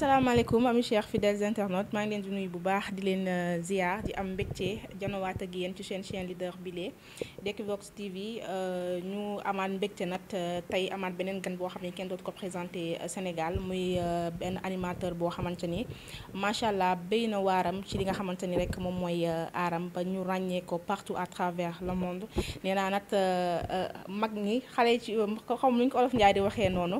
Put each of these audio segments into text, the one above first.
asalaamaaleykum ami chers fidèles internautes maa ngi leen di nuyu bu baax di leen euh, ziar di am mbégte janowaata gi yéen ci seen chaîne leader bile Equivox TV euh, ñu amaat mbégte nag euh, tey amaat beneen gan boo xam ne kenn dootu ko présenté Sénégal muy benn animateur boo xamante ni macha allah béy na waaram ci li nga xamante ni rek moom mooy aaram ba ñu ràññee ko partout à travers le monde nee naa nag mag ñi xale ci xaw ma nu ñu ko olof Njaay di waxee noonu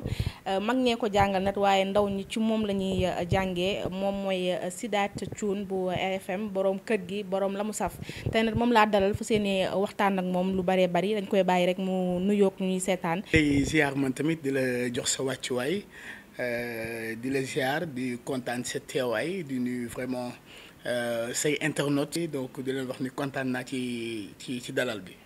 mag ñee ko jàngal nag waaye ndaw ñi ci moom la ñuy euh, jàngee moom mooy euh, Sidaat Thioune bu euh, RFM borom kër gi borom la mu saf te nag moom laa dalal fu seeni waxtaan ak moom lu baree bari dañ koy bàyyi rek mu nuyoog ñuy seetaan. tey ziar man tamit di la jox sa wàccuwaay di la ziar di kontaan sa teewaay di nuyu vraiment say internautes. donc di leen wax ni kontaan naa ci ci ci dalal bi.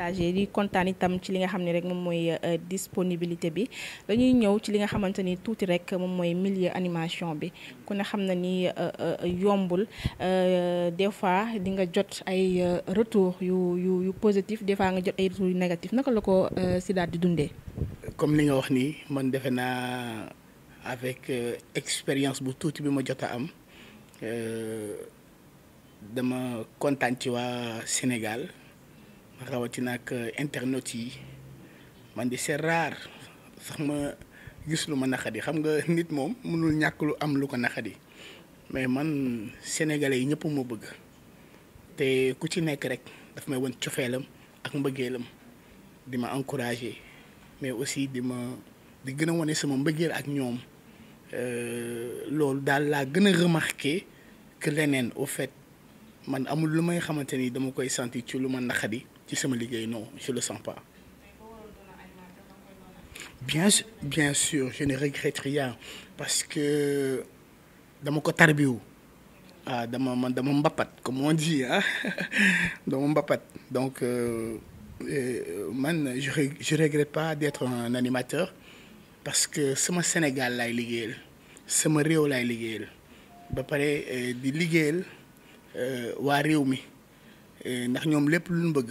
partagé di kontaan itam ci li nga xam ne rek moom mooy euh, disponibilité bi dañuy ñëw ci li nga xamante ni tuuti rek moom mooy millier animation bi ku ne xam na ni euh, euh, yombul des fois di nga jot ay retour yu yu yu positif des fois nga jot ay retour yu négatif naka la ko Sidath di dundee. comme li nga wax nii man defe naa avec expérience bu tuuti bi ma jot am. dama kontaan ci waa Sénégal rawatina ak euh, internet yi man di c'est rare sax ma gis lu ma naqadi xam nga nit moom mënul ñàkk lu am lu ko naqadi mais man sénégalais yi ñëpp ma bëgg te ku ci nekk rek daf may won cofeelam ak mbëggeelam di ma encourager mais aussi di ma di gën a wane sama mbëggeel ak ñoom euh, loolu daal laa gën a remarqué ki leneen au fait man amul lu may xamante ni dama koy santi ci lu ma naqadi ci sama liggéey non je le sens pas bien bien sûr je ne regrette rien parce que dama ko tarbiwu ah dama man dama mbappat comme on dit ah dama mbappat donc euh, euh, man je je regrette pas d'être un animateur parce que sama Sénégal laay liggéeyal sama réew laay liggéeyal ba pare euh, di liggéeyal euh, waa réew mi euh, ndax ñoom lépp lu ñu bëgg.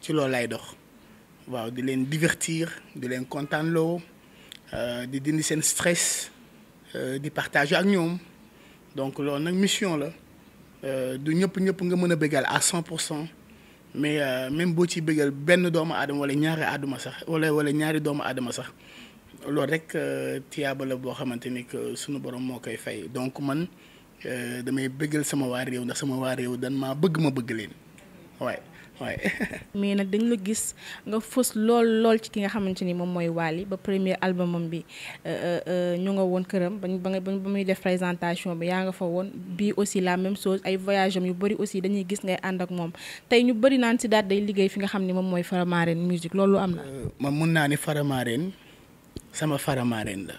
ci loolu lay dox waaw di leen divertir di leen kontaanloo euh, di dindi seen stress euh, di partage ak ñoom donc loolu nag mission la euh, du ñëpp ñëpp nga mën a bëggal à cent pour cent mais même boo ci bégal benn doomu aadama wala ñaari aadama sax wala wala ñaari doomu aadama sax loolu rek tiyaaba la boo xamante ni que sunu borom moo koy fay donc man damay bëggal sama waa réew ndax sama waar réew dan maa bëgg ma bëgg leen waaye mais nag dañ la gis nga fës lool lool ci ki nga xamante ni moom mooy Wally ba premier albumam bi euh, euh, euh, ñu nga woon këram ba ba muy def présentation bi yaa nga fa woon bii aussi la même chose ay voyagem yu bëri aussi dañuy gis ngay ànd ak moom tey ñu bëri naan si daal day liggéey fi nga xam ni moom mooy Faramareen musique loolu am na. moom mun naa ne Faramareen sama Faramareen la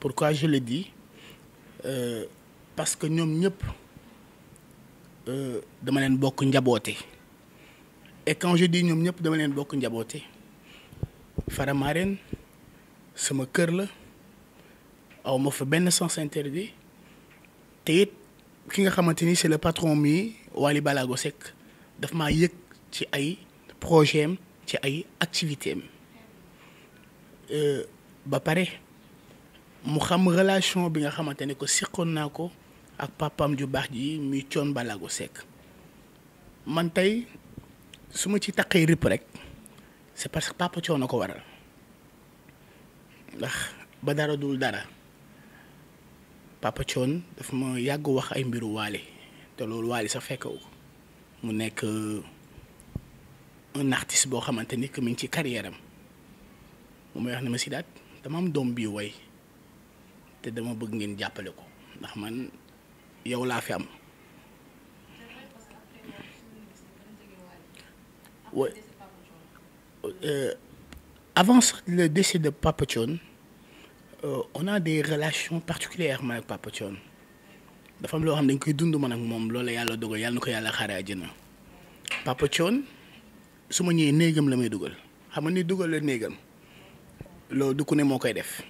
pourquoi je le dis parce que ñoom ñëpp dama leen bokk njaboote. et di ñoom ñëpp dama leen bokk njaboote Faramareen sama kër la aw fa benn sens interdit te it ki nga xamante ni c'est le patron mi Wally Balago sekk daf maa yëg ci ay projet am ci ay activité am euh, ba pare mu xam relation bi nga xamante ne ko siqoon naa ko ak papam ju baax ji muy coon Balago Seck man tey su ma ci taqee rëpp rek c'est parce que papa coono ko waral ndax ba dara dul dara papa coon daf ma yàgg wax ay mbiru waale te loolu waali sax fekkewu ko mu nekk un artiste boo xamante ni que mi ngi ci carrière am mu may wax na ma si daat dama am doom bii woy te dama bëgg ngeen jàppale ko ndax man yow laa fi am Oui. Euh, avant le décès de Papa Thione, euh, on a des relations particulièrement ak Papa dafa loo xam dañ koy dund man ak moom loolu yàlla dogal yàlla nu ko yàlla xaaree àjjana Papa Thione su ma ñëwee néegam la may dugal xam ni dugal la néegam loolu du ku ne moo koy def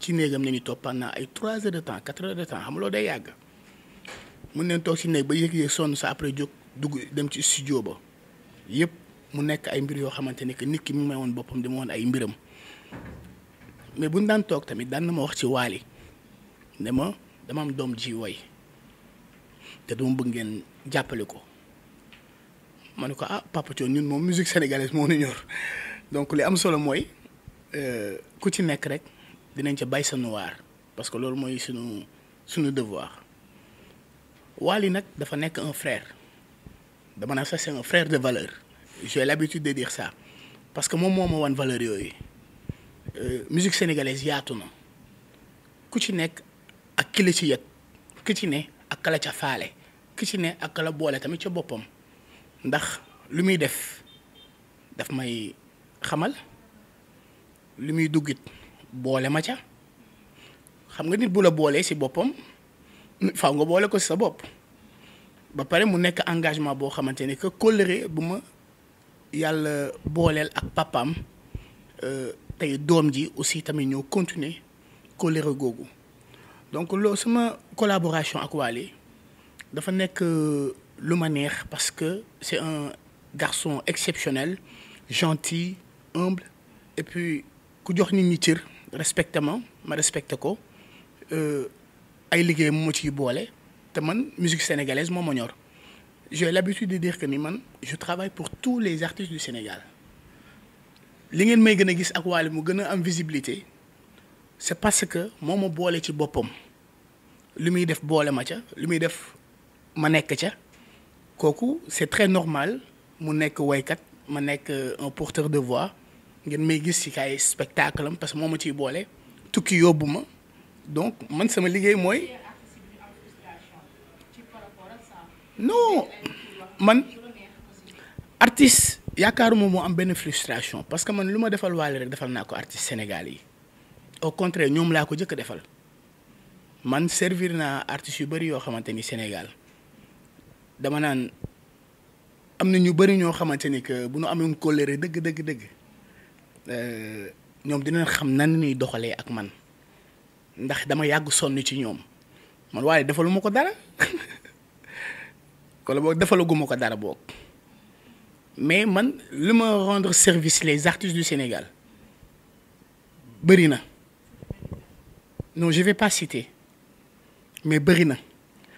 ci néegam nañu topp naa ay trois heures de temps quatre heures de temps xam nga loolu day yàgg mën nañ toog si néeg ba yëgee yéeg sonn sa après jog dugg dem ci studio ba yëpp. mu nekk ay mbir yoo xamante ni que nit ki mu may woon boppam di ma woon ay mbiram mais buñ daan toog tamit daan na ma wax ci waali ne dama am doom ji woy te dama bëgg ngeen jàppale ko ma ne ko ah Papa Thione ñun moom musique sénégalaise moo nu ñor donc li am solo mooy euh, ku ci nekk rek dinañ ca bay sa nuwaar parce que loolu mooy sunu sunu devoir Wally nag dafa nekk un frère dama naa sax c'est un frère de valeur j'ai l'habitude de dire ça parce que moom moo ma wan valeur yooyu euh, musique sénégalaise yaatu na ku ci nekk ak kilo la ci yëg ki ci ne ak kalo ca faale ki ci ne ak kala boole tamit ca boppam ndax lu muy def daf may xamal lu muy duggit boole ma ca xam nga nit bu la boolee si boppam faw nga boole ko si sa bopp ba pare mu nekk engagement boo xamante ni que colère bu ma yàlla booleel ak papaam euh, tey doom ji aussi tamit ñoo continuer kóllëre googu donc loolu suma collaboration ak Wally dafa nekk euh, lu ma neex parce que c'est un garson exceptionnel gentil humble et puis ku jox nit ñi cër respecté ma ma respecté ko euh, ay liggéey moo ci boole te man musique sénégalaise moo ma ñor j'ai l'habitude de dire que ni man je travaille pour tous les artistes du Sénégal li ngeen may gën a gis ak Wally mu gën a am visibilité c'est parce que moo ma boole ci boppam li muy def boole ma ca li muy def ma nekk ca kooku c'est très normal mu nekk woykat ma nekk euh, un porteur de voix ngeen may gis ci kaay spectacle am parce que moom ma ciy boole tukki yóbbu ma donc man sama liggéey mooy non man artiste yaakaaruma moo am benn frustration parce que man lu ma defal Wally rek defal naa ko artiste Sénégal yi au contraire ñoom laa ko jëkk defal man servir naa artistes yu bëri yoo xamante ni Sénégal dama naan am na ñu bëri ñoo xamante ni que bu ñu amoon colère dëgg dëgg dëgg euh, ñoom dina xam nan ñuy doxalee ak man ndax dama yàgg sonn ci ñoom man waaye defaluma ko dara wala boog defalaguma ko dara boog mais man li ma rendre service les artistes du Sénégal bëri na non je vais mais bëri na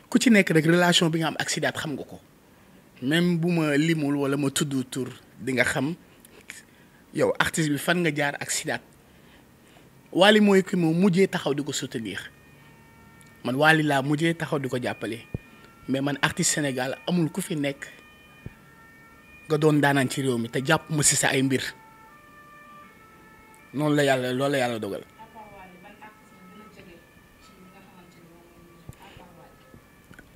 ku ci nekk rek relation bi nga am ak Sidath xam nga ko même bu ma limul wala ma tudd tur di nga xam yow artiste bi fan nga jaar ak Sidath Wally mooy ki moo mujjee taxaw di ko soutenir man Wally laa mujjee taxaw di ko jàppale mais man artiste Sénégal amul ku fi nekk nga doon daanaan ci réew mi te jàpp ma si sa ay mbir noonu la yàlla loolu la yàlla dogal.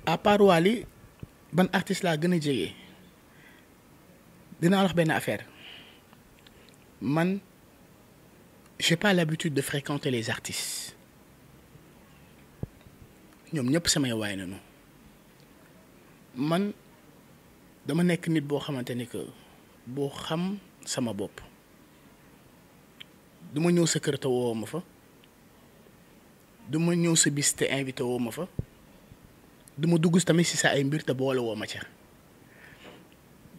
à part Wally ban artiste laa gën a jege dinaa wax benn affaire man j'ai pas l'habitude de fréquenter les artistes ñoom ñëpp samay waay nañu. man dama nekk nit boo xamante ni que boo xam sama bopp du ñëw sa kër te woo ma fa du ñëw sa bis te invité woo ma fa du ma dugg tamit si sa ay mbir te boole woo ma ca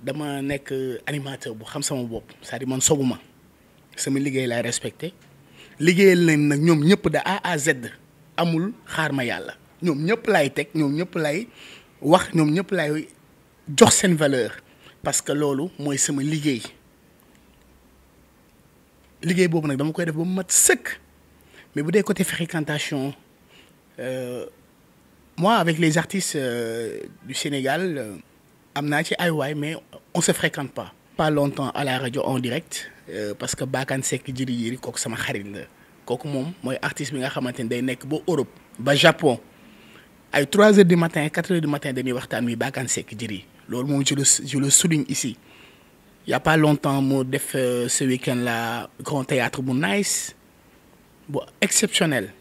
dama nekk animateur bu xam sama bopp cest à man sobu ma sama liggéey laay respecté liggéeyal nañ nag ñoom ñëpp da A à Z amul xaar ma yàlla ñoom ñëpp laay teg ñoom ñëpp laay wax ñoom ñëpp laay jox seen valeur parce que loolu mooy sama liggéey liggéey boobu nag dama koy def ba mu mat sëkk mais bu dee côté fréquentation euh, moi avec les artistes euh, du Sénégal euh, am naa ci ay waay mais on se fréquente pas. pas longtemps à la rajo en direct parce que Bakane Seck jëri jëri kooku sama xarit la kooku moom mooy artiste bi nga xamante ni day nekk ba Europe ba Japon. ay trois heures du matin 4 heures du matin dañuy waxtaan wi Bakane sekk Jëri loolu moom je le je le souligne ici il y a pas longtemps moo def euh, ce week-end là grand bu nice bu exceptionnel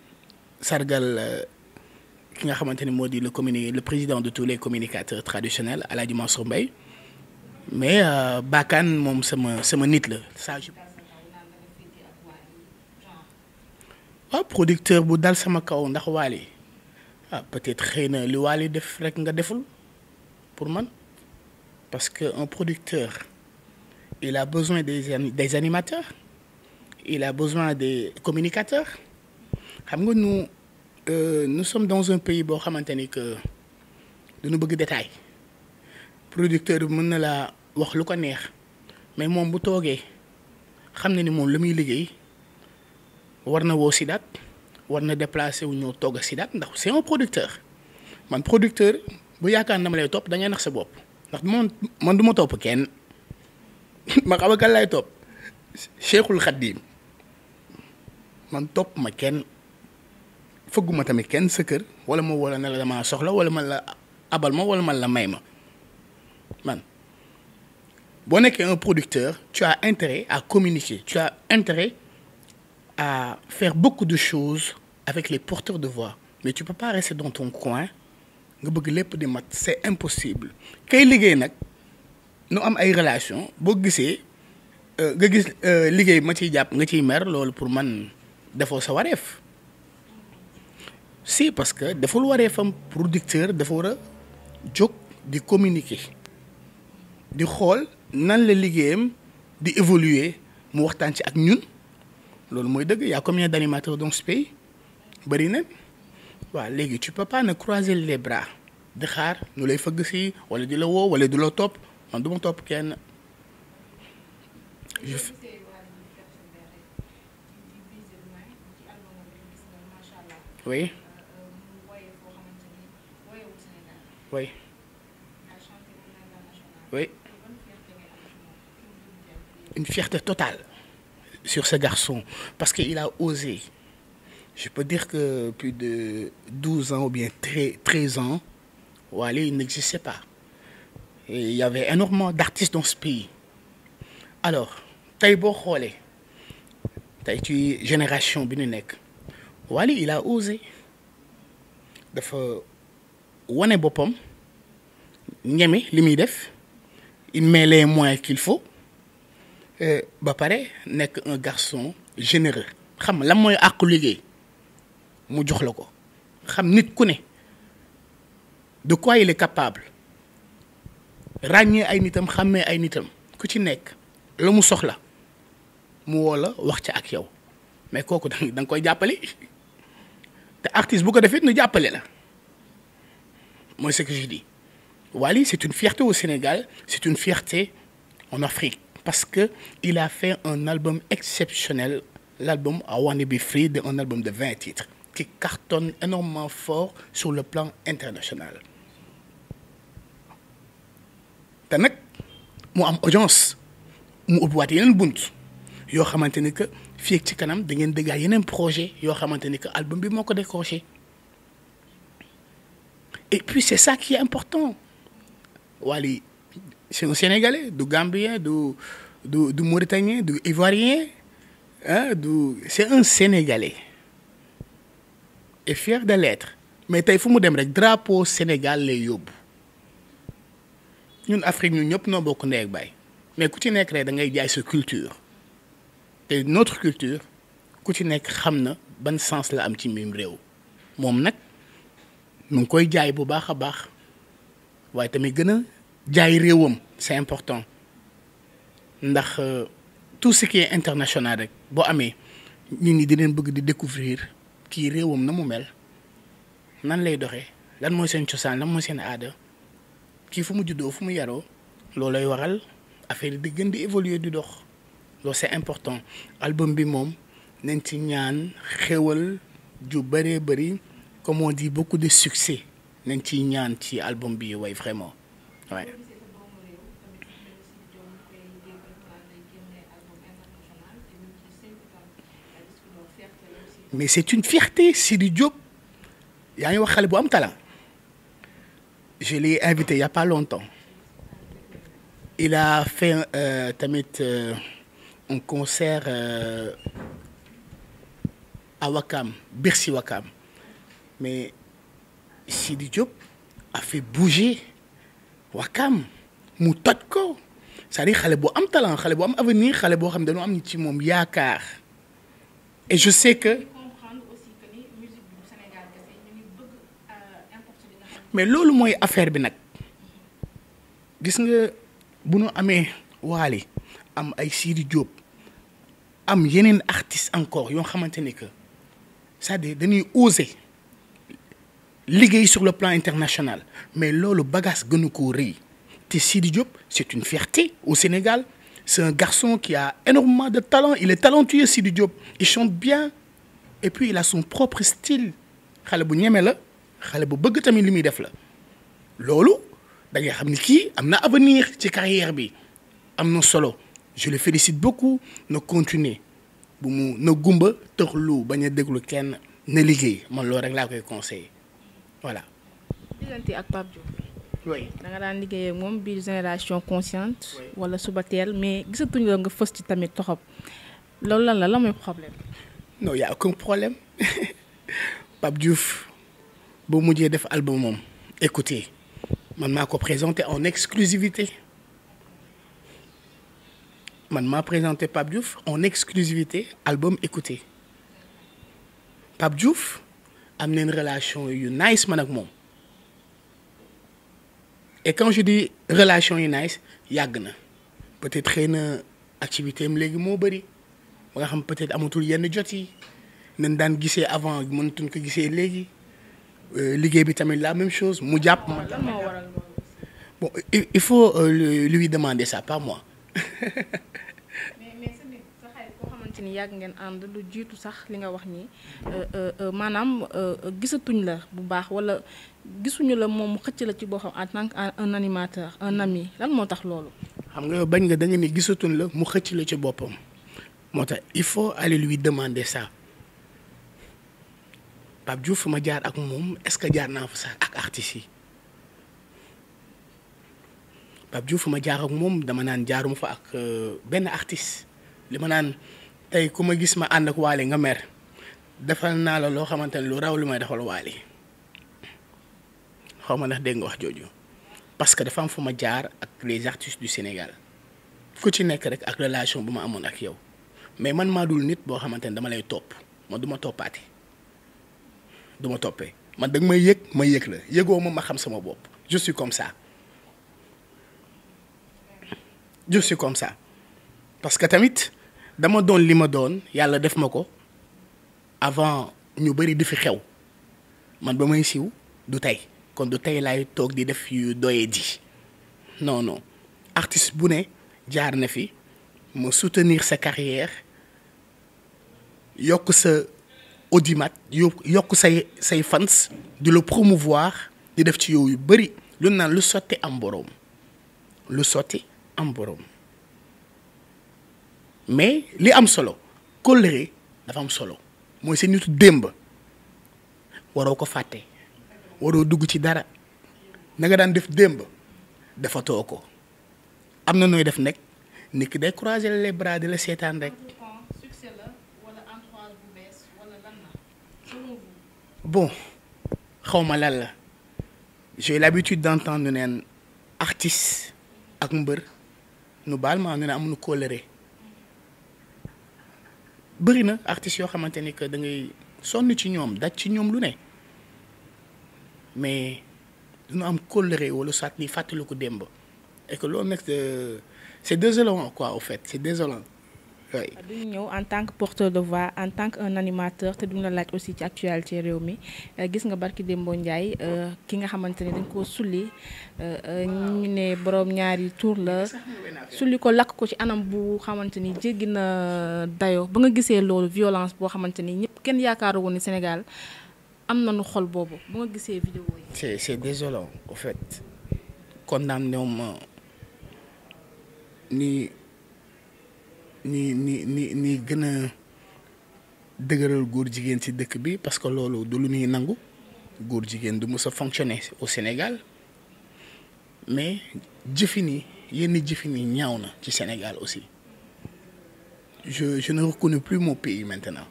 sargal euh, ki nga xamante ni moo di la communi le président de tous les communicateurs traditionnels Alaaji Mansour Mbaye mais euh, Bakane moom sama sama nit la ça waaw producteur bu dal sama kaw ndax Waly ah peut-être xëy na li Wally def rekk nga deful pour man parce que un producteur il a besoin des des animateurs il a besoin des communicateurs xam nga nu euh, nous sommes dans un pays boo xamante ni que dañu bëgg détail producteur bi mën na laa wax lu ko neex mais moom bu toogee xam na ni moom la muy liggéey war na woo si daat war na déplacé wu ñëw togg si daat ndax c'est un producteur man producteur bu yaakaar na ma lay topp da ngay nax sa bopp ndax man man du ma topp kenn ma xam kan lay topp Cheikhul Khadim man topp ma kenn fëgguma tamit kenn sa kër wala ma wala ne la damaa soxla wala man la abal ma wala man la may ma man boo nekkee un producteur tu as ak à communiquer tu as à faire beaucoup de choses avec les porteurs de voix mais tu peux pas rester dans ton coin nga bëgg lépp di mat c'est impossible kay liggéey nag nu am ay relation boo gisee euh, nga gis euh, liggéey ma ciy jàpp nga ciy mer loolu pour man defoo sa wareef si parce que deful wareefam producteur dafa war a jóg di communiquer di xool nan la liggéeyam di évoluer mu waxtaan ci ak ñun loolu mooy dëgg y a combien d'animateurs dans ce pays na waaw léegi tu peux pas ne croiser les bras di xaar ñu lay fëgg si wala di la woo wala di la topp man du ma topp kenn. oui. Euh, euh, oui. oui. une fierté sur ce garçon parce qu'il a osé. Je peux dire que plus de 12 ans ou bien 13 ans, Wally il n'existait pas. Et il y avait énormément d'artistes dans ce pays. Alors, tey boo xoolee tey ci génération bi ñu nekk Wally il a osé dafa wane boppam ñeme li muy def il met les moins qu'il faut Euh, ba pare nekk un garçon généreux xam lan mooy àqu liggéey mu jox la ko xam nit ku ne de quoi il est capable ràññee ay nitam xàmmee ay nitam ku ci nekk la mu soxla mu woo wax ca ak yow mais kooku da nga koy jàppale te artiste bu ko defee nu jàppale la mooy ce que je dis Wally c'est une fierté au Sénégal c'est une fierté en Afrique parce que il a fait un album exceptionnel l'album I Wanna Be Free un album de vingt titres qui cartonne énormément fort sur le plan international te nag mu am audience mu ubbiwaat yeneen bunt yoo xamante ni que fii ci kanam da ngeen dëggaat yeneen projet yoo xamante ni que album bi moo ko décroché et puis c'est ça qui est important Wally c'est un sénégalais du gambien du du du mauritanien du ivoirien du c'est un sénégalais et fier de l'être mais tey fu mu dem rek drapeau Sénégal lay yóbbu ñun Afrique ñu ñëpp noo bokk ndey ak baay mais ku ci nekk rek da ngay jaay sa culture te notre culture ku ci nekk xam na ban sens la am ci miim réew moom nag mu ngi koy jaay bu baax a baax waaye tamit gën a jaay réewam c'est important ndax euh, tout ce qui international rek boo amee nit di leen bëgg di découvrir kii réewam na mu mel nan lay doxe lan mooy seen cosaan lan mooy seen aada kii fu mu juddoo fu mu yaroo loolay waral affaire di gën di évoluer di dox loolu c'est important album bi moom nañ ci ñaan xéwal ju bëree bëri comme di dit beaucoup de succès nañ ciy ñaan ci album bi way vraiment oui. mais c'est une fierté Sidi Diop yaa ngi wax xale bu am talent je l'ai invité il y a pas longtemps il a fait euh, tamit euh, un concert euh, à Wakam Bercy Wakam mais Sidi Diop a fait bouger Wakaam mu toj ko cest à xale boo am talent xale boo am nii xale boo xam ne dañoo am ni ci moom yaakaar et je sais que. Euh, mais loolu mooy affaire bi nag gis nga bu nu amee Wally am ay Sidi Diop am yeneen artistes encore yoo xamante ni que c'est-à-dire dañuy oser. liggéey sur le plan international mais loolu bagage gënu ko rëy te Sidi Diop c'est une fierté au Sénégal c'est un garçon qui a énormément de talent il est talentueux Sidi Diop il chante bien et puis il a son propre style xale bu ñeme la xale bu bëgg tamit li muy def la loolu da ngay xam ni kii am na avenir ci carrière bi am na solo je le félicite beaucoup na continuer bu mu na gumba lu bañ a déglu kenn na liggéey man loolu rek laa koy conseiller voilà. diggante ak Pape da nga daan liggéeyee moom biir génération consciente. wala suba teel mais gisatuñu la nga fës ci tamit toxob loolu lan la la mooy problème. non y' a aucun problème Pape Diouf boo mujjee def album moom écoutez man maa ko présenté en exclusivité man maa présenté Pape Diouf en exclusivité album écoutez Pape Diouf. am neen relation yu nice man ak moom et quand je relation yu nice yàgg na peut-être xëy na activité léegi moo bëri ba nga xam peut-être amatul yenn jot yi nañ daan gisee avant mënatuñ ko gisee léegi euh, liggéey bi tamit la même chose mu jàpp ma. bon il faut euh, lui demander ça pas moi. ni yàgg ngeen ànd lu jiitu sax li nga wax nii euh, euh, euh, maanaam gisatuñ la bu baax wala gisuñu la moom mu xëcc la ci boo xam en tant un animateur un ami lan moo tax loolu. xam nga bañ nga da nga ni gisatuñ la mu xëcc la ci boppam moo tax il faut aller lui demander ça Pape Diouf ma jaar ak moom est-ce que jaar naa fa sax ak artistes yi. Pape Diouf ma jaar ak moom dama naan jaarumu fa ak benn artiste li ma naan tey ku ma gis ma ànd ak waali nga mer defal naa la loo xamante ne lu raw lu may defal waali xaw ma ndax dégg nga wax jooju parce que dafa am fu ma jaar ak les artistes du Sénégal ku ci nekk rek ak relation bu ma amoon ak yow mais man maa dul nit boo xamante ne dama lay topp man duma ma duma du ma toppee man da may yëg ma yëg la yëgoo ma ma xam sama bopp je suis comme ça je suis parce que tamit. dama doon li ma doon yàlla def ma ko avant ñu bëri di fi xew man ba may siw du tey kon du tey lay toog di def yu doye di non non bu ne jaar na fi ma soutenir sa carrière yokk sa audimat yokk say say fans di la promouvoir di def ci yow yu bëri lu naan lu sotti am boroom lu sotti am boroom mais li am solo kóllëre dafa am solo mooy sa nitu démb waroo ko fàtte waroo dugg ci dara nanga daan def démb dafa too ko am na nooy def nag nit ki day croiser les bras di la seetaan rek. bon xawma ma lan la j'ai l'habitude d'entendre ñu neen artiste ak mbër nu baal maa ñu am nu kóllëre bëri na artistes yoo xamante ni que da ngay sonn ci ñoom daj ci ñoom lu ne mais duñu am colère wala soit li fàttaliku démb et que loolu nag euh, c'est désolant quoi au fait c'est désolant duñu ñëw en tant que porteur de voix en tant que un animateur te duñu la laaj aussi ci actualité réew mi euh, gis nga barki Dembo Ndiaye euh, ki nga xamante ne dañ koo sulli euh, ñu ne boroom ñaari tour la sulli ko lakk ko ci anam bu xamante ni jéggi na dayo ba nga gisee loolu violence boo xamante ni ñëpp kenn yaakaaru woon ni Sénégal am na nu xol boobu ba nga gisee vidéo yi. c'est c'est désolant en fait. condamné ma ni. ni ni ni ni gën a dëgëral góor jigéen ci dëkk bi parce que loolu du lu ñuy nangu góor jigéen du mës a fonctionner au Sénégal mais jëfin yi yenn jëfin yi ñaaw na ci Sénégal aussi je je ne reconnais plus mon pays maintenant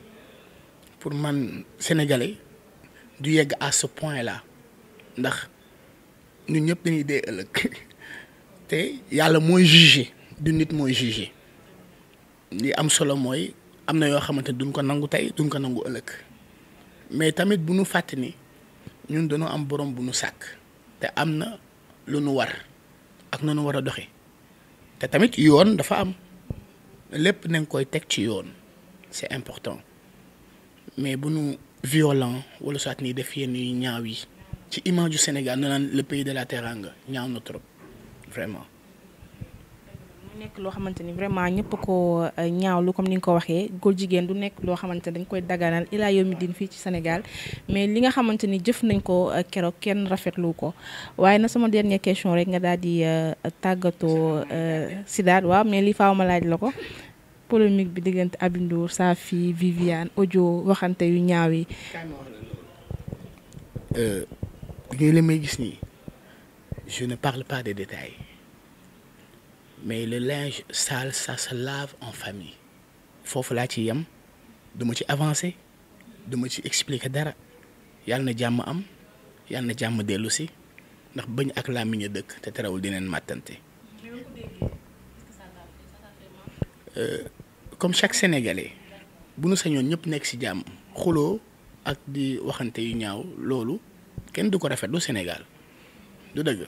pour man sénégalais du yegg à ce point là ndax ñun ñëpp dañuy dee ëllëg te yàlla mooy jugé du nit mooy jugé. li am solo mooy am na yoo xamante duñ ko nangu tey duñ ko nangu ëllëg mais tamit bu ñu fàtte ni ñun dañoo am boroom bu ñu sàkk te am na lu nu war ak nu nu war a doxe te tamit yoon dafa am lépp nañ koy teg ci yoon c'est important mais bu nu violent wala soit nii def yenn yu ñaaw yi ci image du Sénégal na naan le pays de la teranga ñaaw na trop vraiment nekk loo xamante ni vraiment ñëpp ko euh, ñaaw lu comme ni nga ko waxee góor jigéen du nekk loo xamante ni dañ koy daganal ilaa yomi din fii ci Sénégal mais li nga xamante ni jëf nañ ko euh, keroog kenn rafetlu ko waaye na sama dernière question rek nga daal di euh, tàggatoo Sidaat waaw mais li faaw ma laaj la ko polémique bi diggante Aby Ndour Safi Viviane audio waxante yu ñaaw yi. li may gis nii je ne parle pas des détails. mais le linge sale ça se lave en famille foofu laa ci yem duma ci avancer duma ci expliquer dara yàlla na jàmm am yàlla na jàmm dellu si ndax bañ ak làmmiñ a dëkk te terewul di dineen màttante euh, comme chaque sénégalais bu nu sañoon ñëpp nekk ci jàmm xuloo ak di waxante yu ñaaw loolu kenn du ko rafetlu Sénégal du dëgg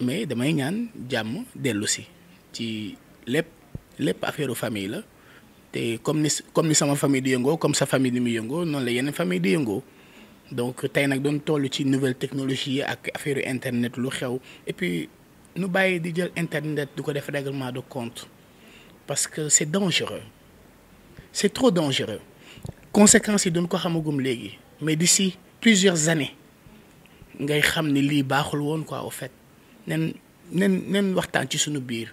mais damay ñaan jàmm dellu si ci lépp lépp affaire famille la te comme ni comme ni sama famille di yëngoo comme sa famille ni mu yëngoo noonu la yeneen famille di yëngoo donc tey nag doon toll ci nouvelle technologie ak affaire internet lu xew et puis nu bàyyi di jël internet du ko def règlement de compte parce que c'est dangereux c'est trop dangereux conséquences yi duñ ko xamagum léegi mais di d'ici plusieurs années ngay xam ni lii baaxul woon quoi au fait nen nen nen waxtaan ci sunu biir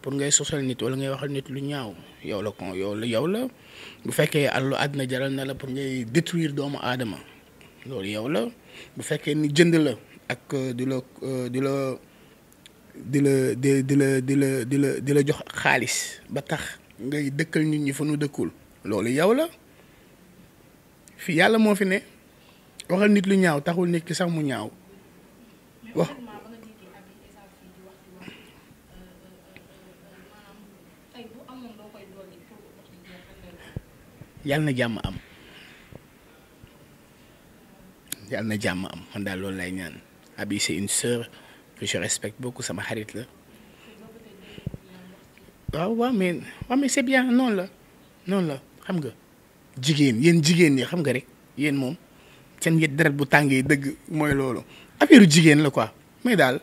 pour ngay sosal nit wala ngay waxal nit lu ñaaw yow la kon yow la yow la bu fekkee àllu àddina jaral na la pour ngay détruire doomu aadama loolu yow la bu fekkee ni jënd la ak euh, di la euh, di la di la di di la di la di la di la jox xaalis ba tax ngay dëkkal nit ñi fa nu dëkkul loolu yow la fii yàlla moo fi ne waxal nit lu ñaaw taxul nit ki sax mu ñaaw wax yàlla na jàmm am yàlla na jàmm am man daal loolu lay ñaan Abi c'est une sœur que je respecte beaucoup sama xarit la waa waaw mais waaw mais c'est noonu la noonu la xam nga jigéen yéen jigéen ñi xam nga rek yéen moom seen yët deret bu tàngee dëgg mooy loolu affaire jigéen la ko mais daal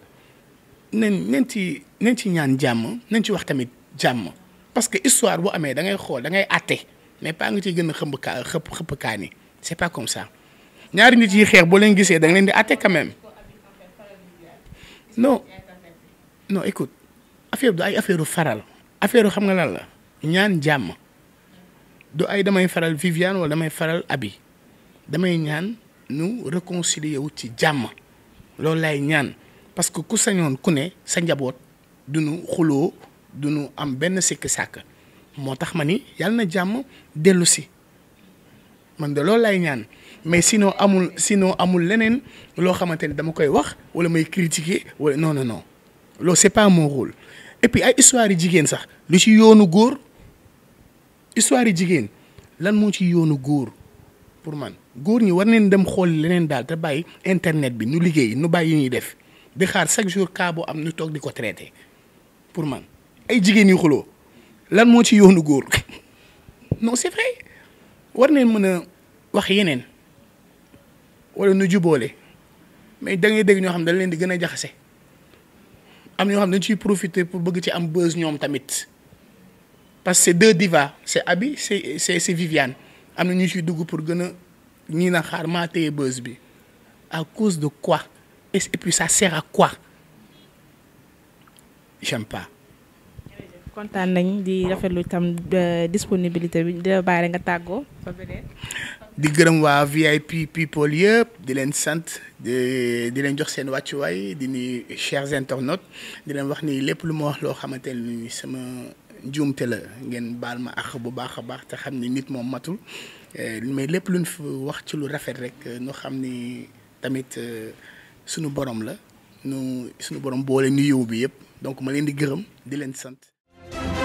nen nen ci nen ci ñaan jàmm nen ci wax tamit jàmm parce que histoire bu amee da ngay xool da ngay àtte mais pas nga ciy gën a xëmb xëpp xëpp kaani c'est pas comme ça ñaari nit yi xeex boo leen gisee danga nga leen di àtte quand même non non écoute affaire du ay affaire faral affaire xam nga laal la ñaan jàmm du ay damay faral Viviane wala damay faral Abi damay ñaan nu réconcilier wu ci jàmm loolu lay ñaan parce que ku sañoon ku ne sa njaboot du nu xuloo du nu am benn sikki sàkk moo tax ma ni yàlla na jàmm dellu si man de loolu lay ñaan mais sinon amul sinon amul leneen loo xamante ni dama koy wax wala may critiquer wala non non non loolu c'est pas mon rôle et puis ay histoire yi jigéen sax lu ci yoonu góor histoire yi jigéen lan moo ci yoonu góor pour man góor ñi war neen dem xool leneen daal te bàyyi internet bi nu liggéey nu bàyyi ñuy def di xaar chaque jour cas am nu toog di ko traité pour man ay jigéen yu xuloo lan moo ci yoonu góor non c'est vrai war neen mën a wax yeneen wala nu jubóole mais da ngay dégg ñoo xam dañ leen di gën a jaxase am ñoo xam dañu ciy profiter pour bëgg ci am buzz ñoom tamit parce que c'est deux divas c'est Abi c'est c'est c'est Viviane am na ñu ciy dugg pour gën a ñii na xaar maa téye buzz bi à cause de quoi et puis ça sert à quoi j'aime pas kontaan nañ di rafetlu itam euh, disponibilité bi di la bàyyi nga tàggoo di gërëm waa VIP people yëpp di leen sant di di leen jox seen wàccuwaay di nuyu chers internautes di leen wax ni lépp lu ma wax loo xamante ni sama njuumte la ngeen baal ma àq bu baax a baax te xam ni nit moom matul euh, mais lépp luñ fi wax ci lu rafet rek ñu euh, xam ni tamit sunu borom la nu sunu borom boole nu yiw bi yëpp donc ma leen di gërëm di leen sant. a you